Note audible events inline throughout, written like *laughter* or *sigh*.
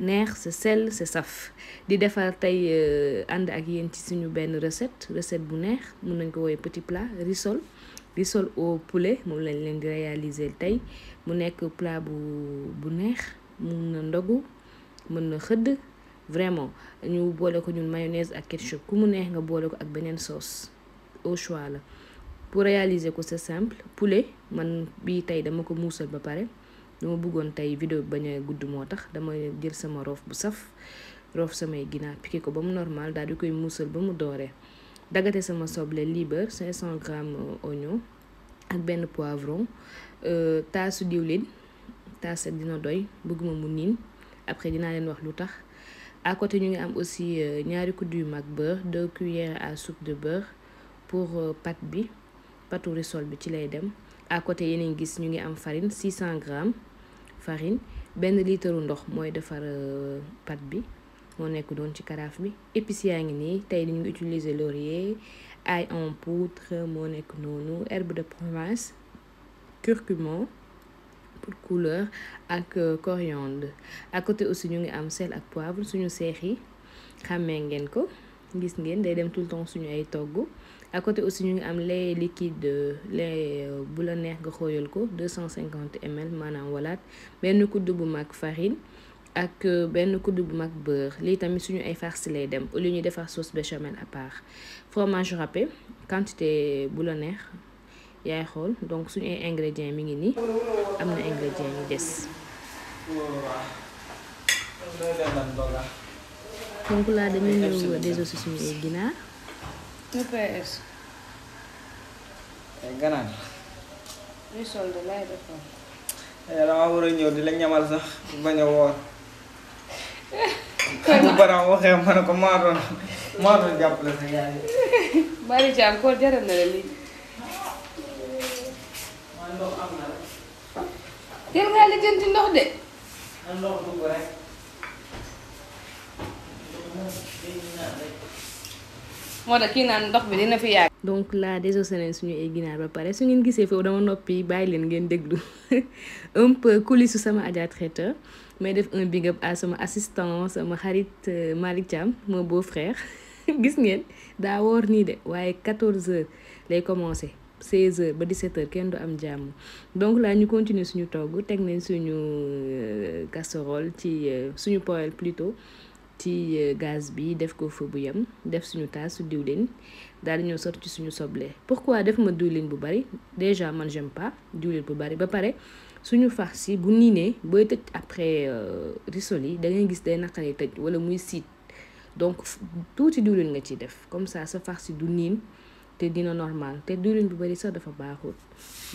neex sa sel sa saf di defar tey euh, ànd ak yéen ci suñu benn recette recette bu neex mun nañ ko woowee petit plat risol risol au poulet moom lañ leen réaliser tey mu nekk plat bu bu neex mun na ndogu mën na xëdd vraiment ñu boole ko ñun mayonnaise ak ketchup ku mu neex nga boole ko ak beneen sauce au choix la pour réaliser ko c'est simple poulet man bii tey dama ko muusal ba pare dama bëggoon tey vidéo bañ a jël sama bu saf samay piqué ko normal di koy sama 500 grammes euh, oignon ak poivron euh, taasu diwlin taas dina doy bëgguma mu après dinaa wax à côté ñu ngi aussi euh, ñaari yu beurre deux cuillères à soupe de beurre pour pâte bi pâte risol bi ci lay à côté gis ñu ngi am farine 600 grammes farine benn liitaru ndox mooy defar euh, pat bi moo nekk doon ci karaaf bi épices yaa ngi nii tey dañu utiliser laurier ail en poudre moo nekk noonu herbe de Provence curcuma pour couleur ak euh, coriandre à côté aussi ñu ngi am sel ak poivre suñu seex yi xàmmee ngeen ko gis ngeen day dem tout le temps suñu ay togg à côté aussi ñu lait liquide lait euh, bu 250 ml de walaat benn kudd bu mag farine ak euh, ben kudd bu mag beurre li tamit suñu ay sauce béchamel à part fromage râpé quantité boulonnaire. la neex donc suñu ingrédients mi ngi ni ingrédients des donc UPS. ganaan. luy solde laay defoon. damaa war a ñëw di la ñamal sax bañ a woor. bu baram waxee ma ne ko maa doon maa doon jàppale sa gars yi. bari ci am ko jaral na la lii. teel ngaa lijjanti ndox de. ndox dugg rek. moo tax kii bi dina fi yàgg. donc là désossé nañ suñu ay ginaar ba pare su ngeen gisee foofu dama noppi bàyyi leen ngeen déglu *laughs* un peu coulisses sama Adja Traiteur mais def un big up à sama assistant sama xarit euh, Malik Thiam mon beau frère *laughs* gis ngeen daa woor nii de waaye 14h lay commencé. 16h ba 17h kenn du am jàmm donc là ñu continuer suñu togg teg nañ suñu euh, casserole ci euh, suñu poêle plutôt ci euh, gaz bi def ko fa bu yem def suñu tasse diwlin daal ñu ñëw ci suñu soble pourquoi def ma diwlin bu bari déjà man j'aime pas diwlin bu bari ba pare suñu farci bu niné boy après euh, rissoli yi da ngay gis day naqaree tëj wala muy siit donc touti diwlin nga ci def comme ça sa farci du niin te dina normal te diwlin bu bari sa dafa baaxul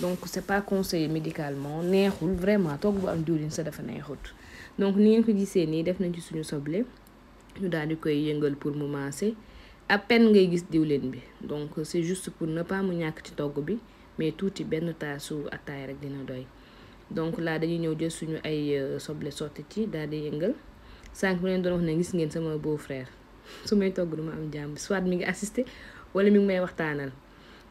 donc c'est pas conseillé médicalement neexul vraiment tok bu am diwlin sa dafa neexut donc ni ngeen ko gisee nii def nañ ci suñu soble ñu daal di koy yëngal pour mu maase à peine ngay gis diwlin bi donc c' est juste pour ne pas mu ñàkk ci togg bi mais tuuti benn taasu ataay rek dina doy donc laa dañuy ñëw jël suñu ay euh, soble sotti ci daal di yëngal sànq mu leen doon wax ne gis ngeen sama beau frère *laughs* su may togg ma am jàmm soit mi ngi assisté wala mi ngi may waxtaanal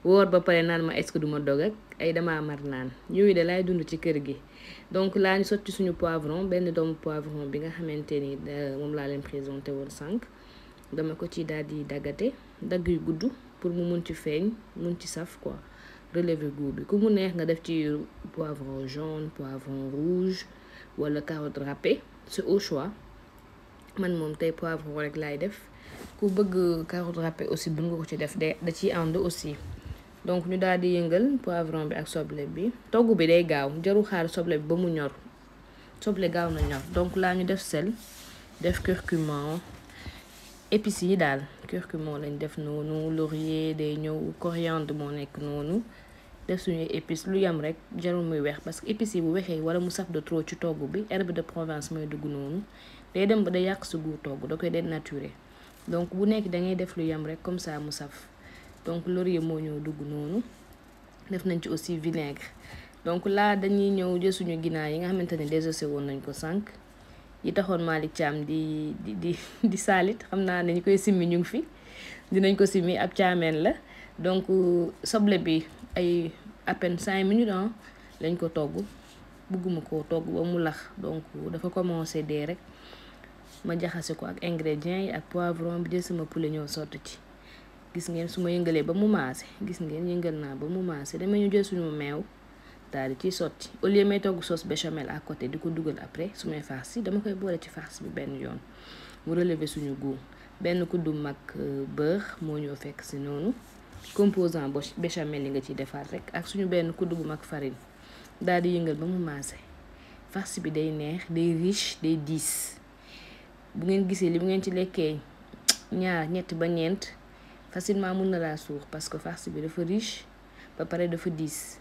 woor ba pare naan ma est ce que ma dog ak ay dama mar naan yooyu de lay dund ci kër gi donc laa ñu sotti suñu poivron benn doomu poivron bi nga xamante ni euh, moom laa leen présenté woon sànq dama ko ci daal di daggate dagg yu gudd pour mu mun ci feeñ mun ci saf quoi relevé gour bi ku mu neex nga def ci poivron jaune poivron rouge wala carotte râpée c'est au choix man moom tey poivron rek laay def ku bëgg carotte râpée aussi bu nga ko ci def de da ciy ànd aussi donc ñu daal di yëngal poivron bi ak soble bi togg bi day gaaw jaru xaar soble bi ba mu ñor soble gaaw na donc laa ñu def sel def curcuma épices yi daal curcuma lañ def laurier day ñëw coriandre moo nekk def épices lu yam rek jarul muy parce que épices bu wala mu saf de trop ci bi de Provence mooy dugg noonu day dem ba day yàq sa goût togg donc vous nekk da ngay def lu comme ça mu donc laurier moo ñëw dugg noonu def nañ ci aussi vinaigre donc là dañuy ñëw jël suñu ginaar yi nga xamante ne désossé woon nañ ko sànq yi taxoon Malick Thiam di di di *laughs* di saalit xam naa ne koy simmi ñu ngi fi dinañ ko simmi ab caameen la donc soble bi ay à peine cinq minutes hein, lañ ko togg bugguma ko togg ba mu lax donc dafa commencé dee rek ma jaxase ko ak ingrédients yi ak poivron bi jël sama poulet ñëw sotti ci gis ngeen su ma yëngalee ba mu maase gis ngeen yëngal naa ba mu maase dama ñu jël suñu meew daal di ciy sotti au lieu may togg sauce béchamel à côté di ko dugal après su may farce dama koy boole ci farce bi benn yoon mu suñu goût benn kuddu mag euh, beurre moo ñoo fekk si noonu composant béchamel yi nga ciy defar rek ak suñu benn kuddu bu mag farine daal di yëngal ba mu maase farce bi day neex day riche day diis bu ngeen gisee li mu ngeen ci lekkee ñaar ñett ba ñeent. facilement mun na laa suur parce que farce bi dafa riche ba pare dafa diis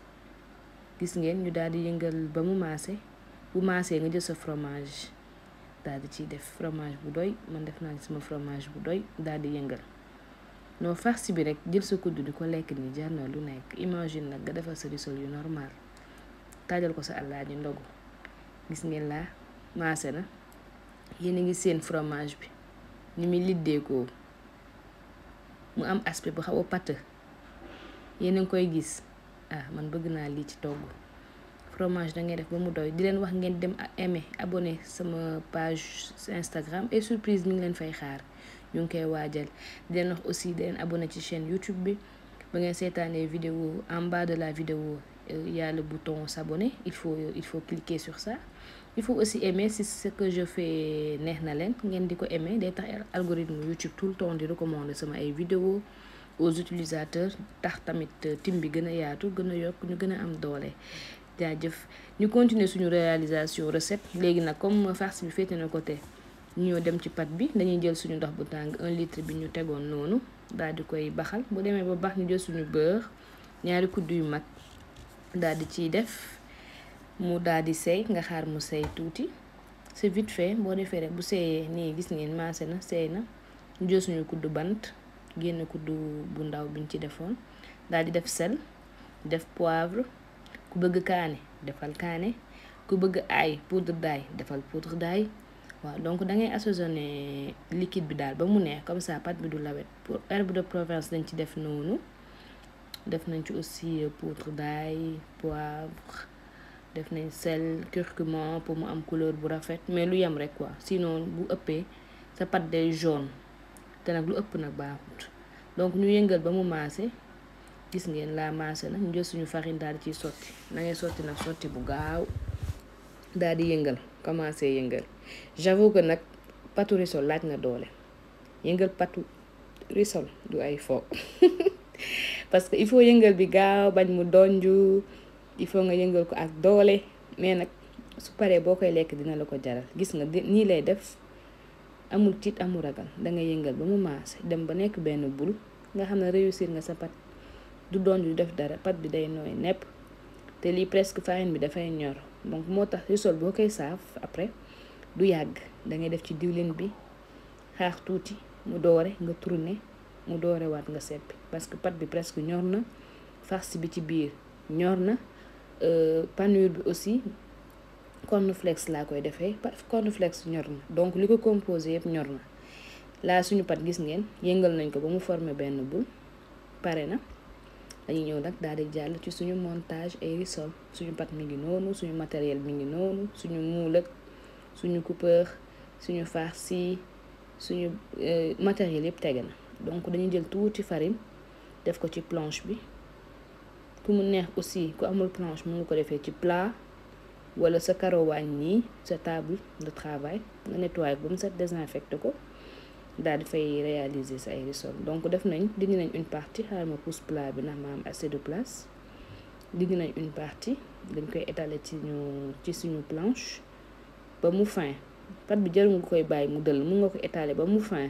gis ngeen ñu daal di yëngal ba mu maase bu maasee nga jël sa fromage daal di ciy def fromage bu doy man def naa sama fromage bu doy daal di yëngal non farce bi rek jël sa kudd di ko lekk ni jar na lu nekk imagine nag nga defal sa risol yu normal taajal ko sa àllaaji ndogu gis ngeen laa maase na yéen a ngi seen fromage bi ni muy liddeekoo mu am aspect bu xaw a pâteux yéen a ngi koy gis ah man bëgg naa lii ci togg fromage da ngay def ba mu doy di leen wax ngeen dem aimer abonné sama page Instagram et surprise mi ngi leen fay xaar ñu ngi koy waajal di leen wax aussi di leen abonné ci chaîne YouTube bi ba ngeen seetaanee vidéo en bas de la vidéo euh, il y a le bouton s'abonner il faut il faut cliquer sur ça il faut aussi aimer si ce que je fais neex na leen ngeen di ko aimer day tax algorithme YouTube tout le temps di recommander sama ay vidéo aux utilisateurs tax tamit euh, team bi gën a yaatu gën a ñu gëna am doole jaajëf ñu continuer suñu réalisation recette légui nag comme farce bi fété na côté ñoo dem ci pat bi dañuy jël suñu ndox bu tàng 1 litre bi ñu tegoon noonu daal di koy baxal bu demee ba bax ñu jël suñu beurre ñaari kuddu yu mag daal di ciy def mu daal di sey nga xaar mu sey c'est vite fait boo defee rek bu seeyee nii gis ngeen maase na na un peu bant bu ndaw biñ ci defoon daal def sel def poivre ku bëgg kaane defal kaane ku poudre d'ail defal poudre d'ail waaw donc da ngay assaisonné liquide bi daal ba mu neex comme ça pâte bi du lawet pour herbe de Provence dañ ci def noonu def nañ ci aussi euh, poudre d'ail poivre def nañ sel curcuma pour mu am couleur bu rafet mais lu yem rek quoi sinon bu ëppee sa pat day jaune te nag lu ëpp nag baaxut donc ñu yëngal ba mu maase gis ngeen la maase na ñu jël suñu farine daal ci sotti na ngay sotti nag sotti bu gaaw daal di yëngal commencé yëngal j'avoue que nag pâtu risol laaj na doole yëngal pâtu risol du ay fo *laughs* parce que il faut yëngal bi gaaw bañ mu donju il faut nga yëngal ko ak doole mais nag su paree boo koy lekk dina la ko jaral gis nga di nii lay def amul tiit amul ragal da nga yëngal ba mu maase dem ba nekk benn bul nga xam ne réussir nga sa pat du doon yu def dara pat bi day nooy nepp te lii presque farine bi dafay ñor donc moo tax risol boo koy saaf après du yàgg da ngay def ci diwlin bi xaax tuuti mu doore nga tourner mu doore waat nga seppi parce que pat bi presque ñor na farce bi ci biir ñor na. Euh, panure bi aussi cornflakes la koy defé cornflakes ñorna donc liko composé yëpp c'est une suñu pat gis ngeen yëngal nañ ko ba mu former benn boule na montage et pat suñu matériel mi ngi suñu moule suñu coupeur suñu farci suñu euh, matériel donc jël farine def ko planche bi pour mu neex aussi on amul planche mu nga ko defee ci plat wala sa karowaañ ni, sa table de travail on nettoie comme ça, set désinfecté ko daal di fay réaliser sa ay risol donc def nañ dindi une partie on ma pousse plat bi ndax ma am assez de place on a une partie donc koy étaler ci ñu ci suñu planche ba mou fin pat bi jarul nga koy bàyyi mu dëll mun nga étaler ba mou fin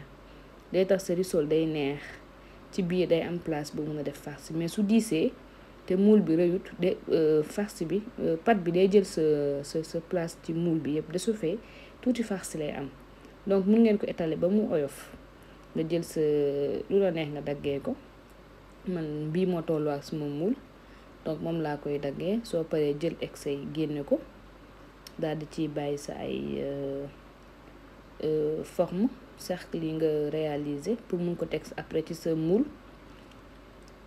day tax sa risol day neex ci biir day am place bu mun a def farce mais su c'est te moule bi rëyut de euh, farce bi euh, pâte bi day jël sa sa sa place ci muul bi yëpp de su fee tuuti farce lay am donc mun ngeen ko étaler ba mu oyof nga jël sa lu la neex nga daggee ko man bii moo tolloo ak sama moule donc moom laa koy daggee soo paree jël excès yi génne ko daal di ci bàyyi sa ay euh, forme cercle yi nga réaliser pour mun ko teg après ci sa muul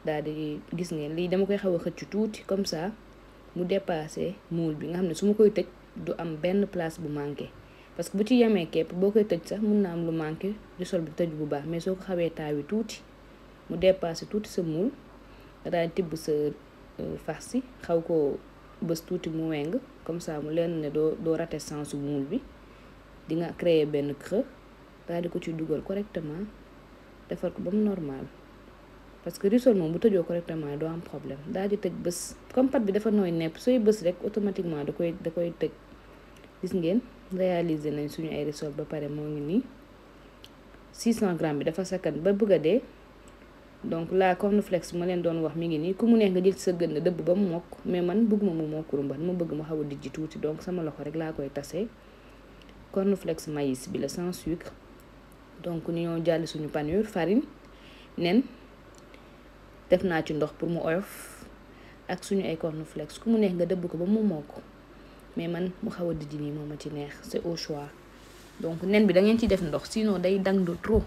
dadi gis ngeen li dama koy xaw a xëcc tuuti comme ça mu dépasser moule bi nga xam ne su ma koy tëj du am benn place bu manqué parce que bu ci yemee képp boo koy tëj sax mun na am lu manqué sol bi tëj bu baax mais soo ko xawee taawi tuuti mu dépasser tuuti sa moule nga daal tibb sa euh, farce si xaw ko bës tuuti mu weng comme ça mu leen ne doo doo raté sens moule bi di nga créer benn creux daal di ko ci dugal correctement defar ko ba mu normal parce que risol moom bu tëjoo correctement do am problème daal di tëj bës comme pat bi dafa nooy nepp sooy bës rek automatiquement da koy da koy tëj gis ngeen réaliser nañ suñu ay risol ba pare moo ngi nii 600 grammes bi dafa sakkan ba bëgg a dee donc la flex ma leen doon wax mi ngi nii ku mu neex nga jël sa gënd dëbb ba mu mokk mais man bëgguma mu mokk rumban ma bëgg mu xaw a dijji tuuti donc sama loxo rek laa koy tase flex maïs bi la sans sucre donc ñoo jàll suñu panure farine nen def naa ci ndox pour mu oyof ak suñu ay cornflakes ku mu nekk nga dëbb ko ba mu moo ko mais man mu xaw a dijji nii moom ma ci neex c'est au choix donc nen bi da ngeen ciy def ndox sinon day dang de trop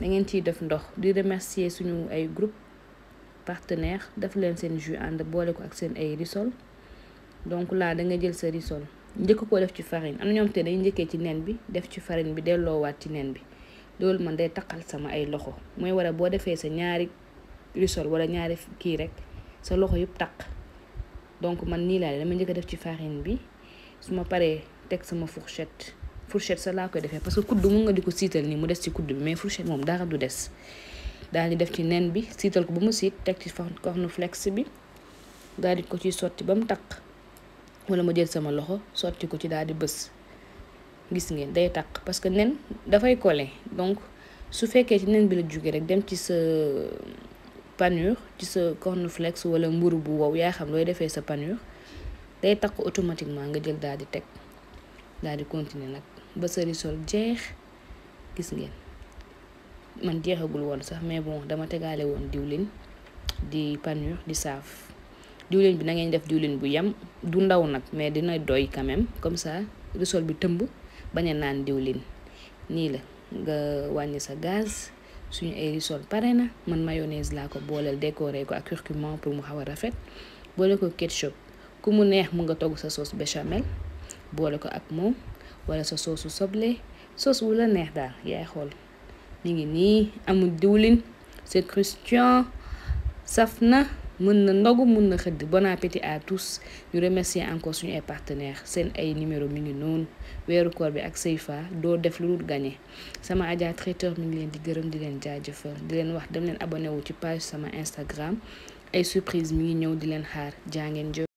da ngeen ciy def ndox di remercier suñu ay groupe partenaire def leen seen jus ànd boole ko ak seen ay risol donc laa da nga jël sa risol njëkk koo def ci farine am na ñoom te day njëkkee ci nen bi def ci farine bi delloowaat ci nen bi loolu man day taqal sama ay loxo mooy war boo defee sa ñaari crisol wala ñaari kii rek sa loxo yëpp taq donc man nii laa dama njëkk a def ci farine bi su ma paree teg sama fourchette fourchette sa laa koy defee parce que kudd mun nga di ko siital nii mu des ci kudd bi mais fourchette moom dara du des daal di def ci nen bi siital ko ba mu siit teg ci cornflakes bi daal di ko ci sotti ba mu taq wala ma jël sama loxo sotti ko ci daal di bës gis ngeen day taq parce que nen dafay collé donc su fekkee ci nen bi la jóge rek dem ci sa panure ci sa cornflex wala mburu bu waw yaa xam looy defee sa panure day takk automatiquement nga jël daal di teg daal di continuer nag ba sa risol jeex gis ngeen man jeexagul woon sax mais bon dama tegaale woon diwlin di panure di saaf diwlin bi na ngeen def diwlin bu yam du ndaw nag mais dina doy quand même comme ça risol bi tëmb bañ a naan diwlin nii la nga wàññi sa gaz suñu hérisson pare na man mayonnaise laa ko booleel décoré ko curcuma pour mu xaw a rafet boole ko ketchup ku mu mu nga sa sauce béchamel boole ko ak moom wala sa sauce wu la neex daal yaay xool ngi diwlin c'est Christian. saf mën na ndogu mën na xëdd bon appétit à tous ñu remercier encore suñu ay partenaires seen ay numéro mi ngi noonu weeru koor bi ak seyfa doo def lu dul gagné sama Adja traiteur mi ngi leen di gërëm di leen jaajëfal di leen wax dem leen abonné wu ci page sama Instagram ay surprise mi ngi ñëw di leen xaar jaa ngeen jëf